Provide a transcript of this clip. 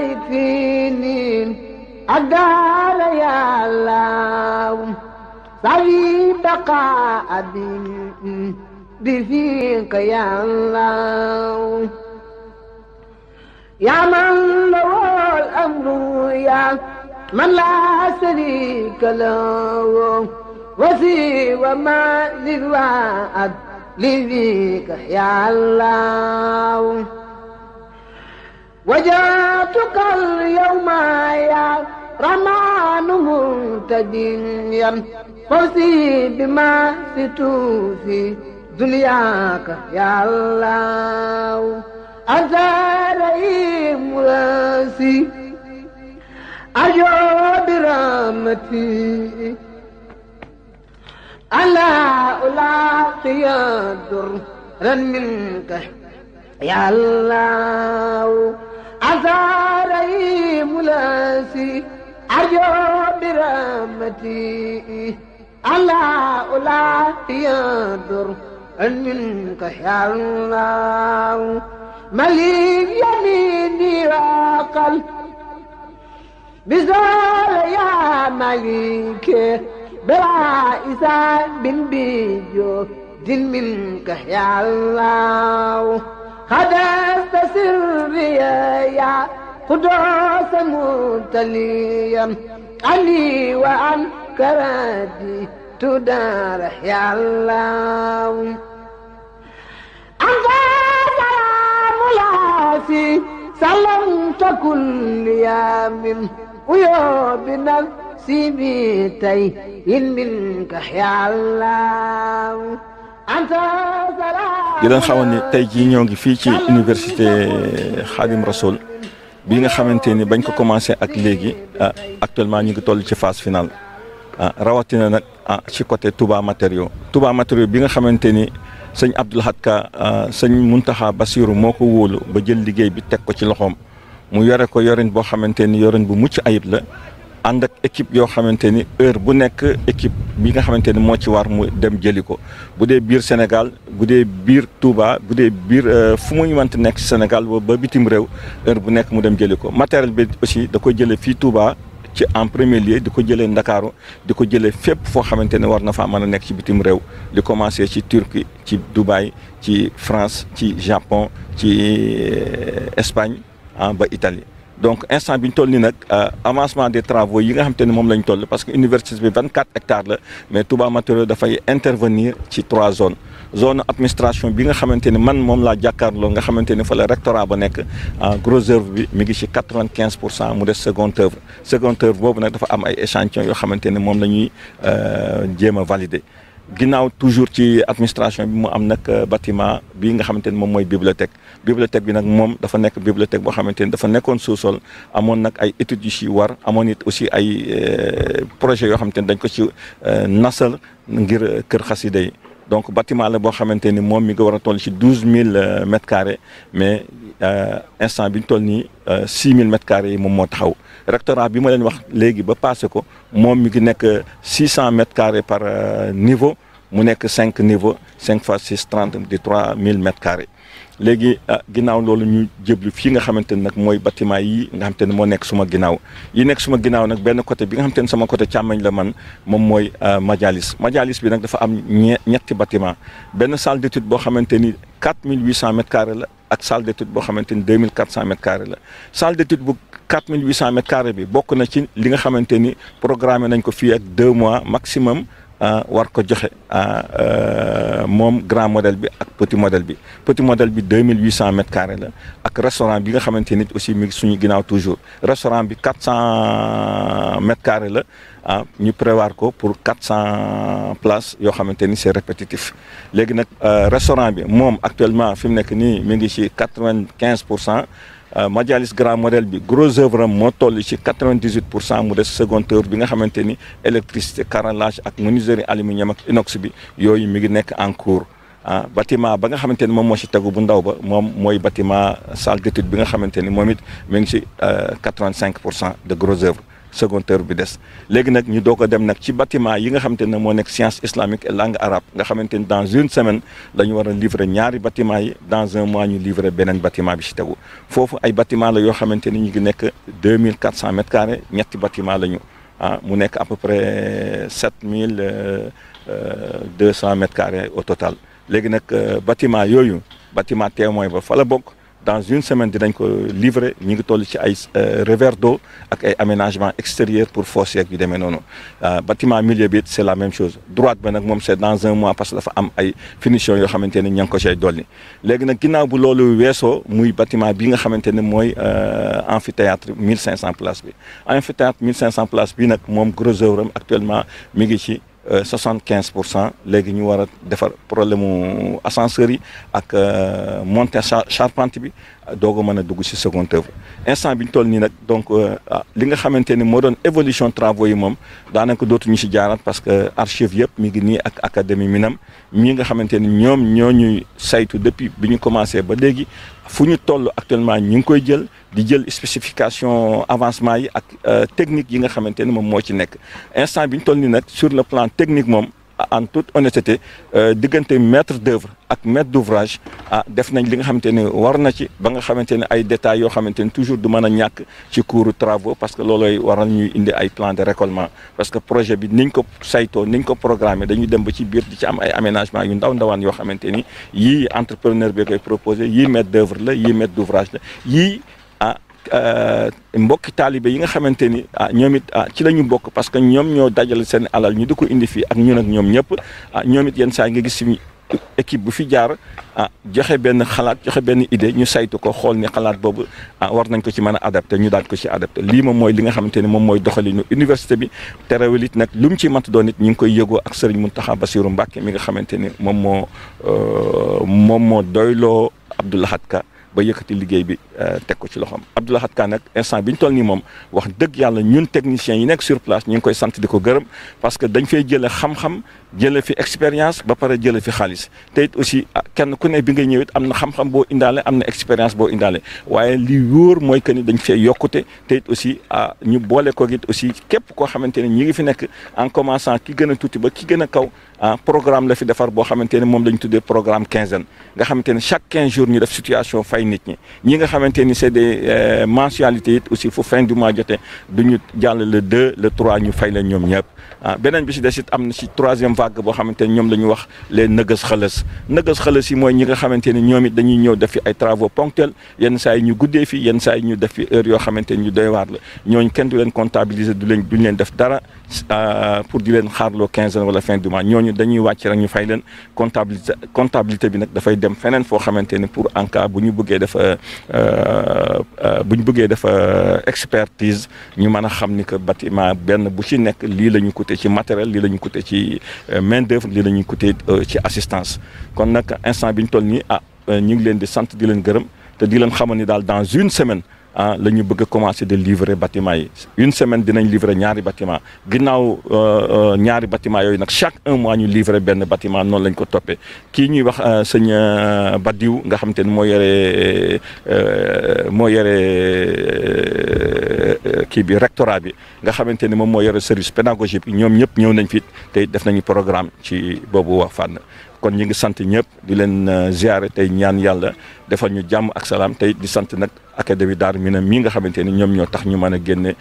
الله فيني يا الله صلي بقاء بفيق يا الله يا من له الأمر يا من لا شريك له وفي وما للوعد لذيك يا الله وجاتك اليوم يا رمان منتديا فوزي بما ستوفي دنياك يا الله أنت رئيم راسي أجو برحمتي ألا ألاقي الدر منك يا الله عسى ملاسي أرجو برحمتي الله لا يضر منك يا الله مليك يميني وقل بزول يا مليك بلا إسان بن بيجو دل منك يا الله خدست سريا يا قدوس متليا علي وعن كرادي تدار يا الله أنت سلام لاسي سلمت كل يوم ويوب نفسي بيتي منك يا الله di leen xamal ni tey jii ñoo ngi fii ci université Khadim Rasoul bii nga xamante ni bañ ko commencé ak léegi ah, actuellement ñu ngi toll ci phase finale ah rawatina nag ah ci côté Touba matériaux Touba matériaux bi nga xamante ni sëñ Abdoul Ahad Ka ah, sëñ Mountakha Bassirou moo ko wóolu ba jël liggéey bi teg ko ci loxoom mu yore ko yorin boo xamante ni yorin bu mucc ayib la ànd ak équipe yo xamanteni heure bu nek équipe bi nga xamanteni mo ci war mu dem jëliko budé bir Sénégal budé Bir Touba budé bir biir euh, fu mu ñu mënti ci Sénégal ba bitim rew heure bu nek mu dem jëliko matériel bi aussi da koy jëlé fi Touba. ci en premier lieu diko jëlé dakaro diko jëlé fep fo xamanteni war na fa mëna nek ci bitim rew li commencer ci Turquie ci Dubaï ci France ci Japon ci euh, Espagne ah ba Italie donc instant bi ñu toll nag euh, avancement des travaux yi nga xam te ne moom toll parce que université bi 24 hectares la mais Touba Matériaux dafay intervenir ci trois zones zone administration bi nga xamante ne man moom laa jàkkaarloo nga xamante ne fa la rectorat ba nekk en gros œuvre bi mi ngi ci 95 pour cent mu des seconde œuvre seconde œuvre boobu nag dafa am ay échantillons yoo xamante ne moom la ñuy euh, jéem a valider. ginnaaw toujours ci administration bi mu am nag euh, batiment bi nga xamante ne moom mooy bibliothèque bibliothèque bi nag moom dafa nekk bibliothèque boo xamante ni dafa nekkoon sous-sol amoon nag ay études yu ci war amoon it aussi ay euh, projet yoo xamante ni dañ ko ci euh, nasal ngir kër xasida yi donc bâtiment le bâtiment, xamanteni mom mi m2 euh, mais euh instant biñ toll ni 6000 m2 Le mo taxaw rectorat bima 600 m2 par euh, niveau mu nek 5 niveaux 5 fois 6 30 3 000 m2 léegi ah ginnaaw loolu ñu jëblu fii nga xamante ne nag mooy bâtiment yi nga xamante ne moo nekk suma ginnaaw yi nekk suma ginnaaw nag benn côté bi nga xamante ne sama côté càmmañ la man moom mooy ah, majalis majalis bi nag dafa am ñetti bâtiment benn salle d'étude boo xamante ni 4800 mètres carrés la ak salle d'étude boo xamante ni 2400 mètres carrés la salle d'étude bu 4800 mètres carrés bi bokk na ci li nga xamante ni programmé nañ ko fii ak deux mois maximum ah, war ko joxe ah, euh, mom grand modèle bi ak petit modèle bi petit modèle bi 2800 mètres carrés la ak restaurant bi nga xamanteni nit aussi mi suñu ginaaw toujours restaurant bi 400 mètres carrés la ah, ñu prévoir ko pour 400 places yo xamanteni c'est répétitif légui nak euh, restaurant bi mom actuellement fi nek ni mi ngi ci 95 Euh, Majalis grand modèle bi gros œuvre am moo toll ci quatre vingt pour cent mu des second œuvre bi nga xamante ni électricité carrelage ak menuiserie aluminium ak inox bi yooyu mi ngi nekk en cours. ah bâtiment ba nga xamante ni moom moo ci tegu bu ndaw ba moom mooy bâtiment salle bi nga xamante ni moom it mi ngi ci euh, quatre vingt cinq pour cent de gros œuvre secondaire bi dess léegi nak ñu doo ko dem nak ci bâtiment yi nga xamante mo nek science islamique et langue arabe nga xamante dans une semaine la wara livrer ñaari bâtiment yi dans un mois ñu livrer benen bâtiment bi ci tegu fofu ay bâtiment la yo xamante ni ñu ngi nek 2400 mille quatre mètres carrés ñetti bâtiment lañu ah mu nek à peu près 7200 mille euh, euh, deux mètres carrés au total léegi nak euh, bâtiment yooyu bâtiment témoin ba fa la bokk dans une semaine nous ko livrer ñu ngi toll ci ay euh, revers d'eau ak ay aménagement extérieur pour forcer yeeg yu non noonu euh, bâtiment milieu bit, c'est la même chose droite c'est c'est dans un mois parce que dafa am ay finition yoo xamante ne encore ngi ko cay dolli léegi nag le bu loolu weesoo muy bâtiment bi nga xamante ne euh, amphithéâtre 1500 places bi amphithéâtre 1500 places bi nag gros œuvre actuellement mi Euh, soixante quinze pour cent léegi ñu war a defar problème mu ascenseurs yi ak euh, monter charpente bi doo ko mën a dugg si seconde œuvre instant bi ñu toll nii nag donc euh, ah, li nga xamante ni moo doon évolution travaux yi moom daanaka dootuñu si jaaraat parce que archive yëpp mi ngi nii ak académie minam mi nga xamante ni ñoom ñoo ñuy saytu depuis bi ñu commencé ba léegi fu ñu toll actuellement ñu ngi koy jël di jël spécification avancement yi ak euh, technique yi nga xamante ni moom moo ci nekk instant bi ñu toll nii nag sur le plan technique moom en toute honnêteté euh, diggante maître d'œuvre ak maître d'ouvrage à ah, def nañ li nga ne war na ci ba nga xamante ay détails yoo toujours du mën a ñàkk ci travaux parce que loolooy waral ñuy indi ay plan de récolement parce que projet bi niñ ko saytoo niñ ko programmé dañuy dem ba ci biir di ci am ay aménagement yu ndaw ndawaan yo xamante ni y entrepreneur bi koy proposé yii maître d'œuvre la yii maître d'ouvrage la yii Euh, mbokki taalibe yi nga xamante ni ah ñoom it ah ci la ñu bokk parce que ñoom ñoo dajale seen alal ñu di ko indi fii ak ñun ak ñoom ñëpp ah, ñoom it yenn saa nga gis suñu équipe bu fi jaar ah joxe benn xalaat joxe benn idée ñu saytu ko xool ni xalaat boobu ah war nañ ko ci mën a adapté ñu daal ko ci adapté lii moom mooy li nga xamante ni moom mooy doxalinu université bi terewul it nag lu mu ci mat doon it ñu ngi koy yëgoo ak sëriñ Mountakha ba Mbacké mi nga xamante ni moom moo euh, moom moo doyloo Abdou Lahad Ka ba yëkkati liggéey bi euh, teg ko ci loxoom Abdou Lahad Ka nag instant bi ñu toll nii moom wax dëgg yàlla ñun techniciens yi nekk sur place ñu ngi koy sant di ko gërëm parce que dañ fay jëlee xam-xam jëlee fi expérience ba pare jëlee fi xaalis te aussi ah, kenn ku ne bi nga ñëw amna xam-xam bo indalé amna na expérience boo indaale waaye li wóor moy que ni dañ fee yokuté te aussi ah ñu boole ko it aussi képp ko xamanténi ñi ngi fi nek en commençant ki gëna a ba ki gëna kaw ah programme la fi défar bo xamanténi mom lañ tuddé programme quinzaine nga xamanténi chaque 15 jours ñu def situation fay nit ñi ñi nga xamanténi c'est des euh, mensualités aussi fu fin du mois jotee duñu ñu le 2 le 3 ñu fay la ñom ñëpp ah, benen bi ci des it am na si vague boo xamante ne ñoom la ñu wax les nëgës xalas nëgës xalas yi mooy ñi nga xamante ne ñoom it dañuy ñëw def fi ay travaux ponctuels yenn saa yi ñu guddee fi yenn saa yi ñu def fi heure yoo xamante ne ñu doy waar la ñooñu kenn du leen comptabiliser du leen duñ leen def dara euh, pour di leen xaarloo quinzaine wala fin du mois ñooñu dañuy wàcc rek ñu fay leen comptabilité comptabilité bi nag dafay dem feneen foo xamante ne pour en bu ñu bëggee def euh, euh, bu ñu bëggee def expertise ñu mën a xam ni que bâtiment benn bu ci nekk lii la ñu coûté ci matériel lii la ñu coûté ci Euh, main d'œuvre li la côté, euh, ci assistance kon nak instant bi ñu toll nii ah euh, ñu ngi leen di sante di leen gërëm te di leen xamal ni dans une semaine ah la bëgg commencer de livrer bâtiment yi une semaine dinañ livrer ñaari bâtiment ginnaw ñaari bâtiment yooyu nak chaque un mois ñu livrer ben bâtiment non lañ ko topé ki ñuy wax sëñ Badiou nga xam mo ne mo yore Euh, kii bi rectorat bi nga xamante ni moom moo yore service pédagogique bi ñoom ñëpp ñëw nañ fi tey def nañu programme ci boobu wax fànn kon ñu ngi sant ñëpp di leen euh, ziare tey ñaan yàlla defal ñu jàmm ak salaam tey di sant nag bi académie Darou na mii nga xamante ni ñoom ñoo tax ñu mën a génne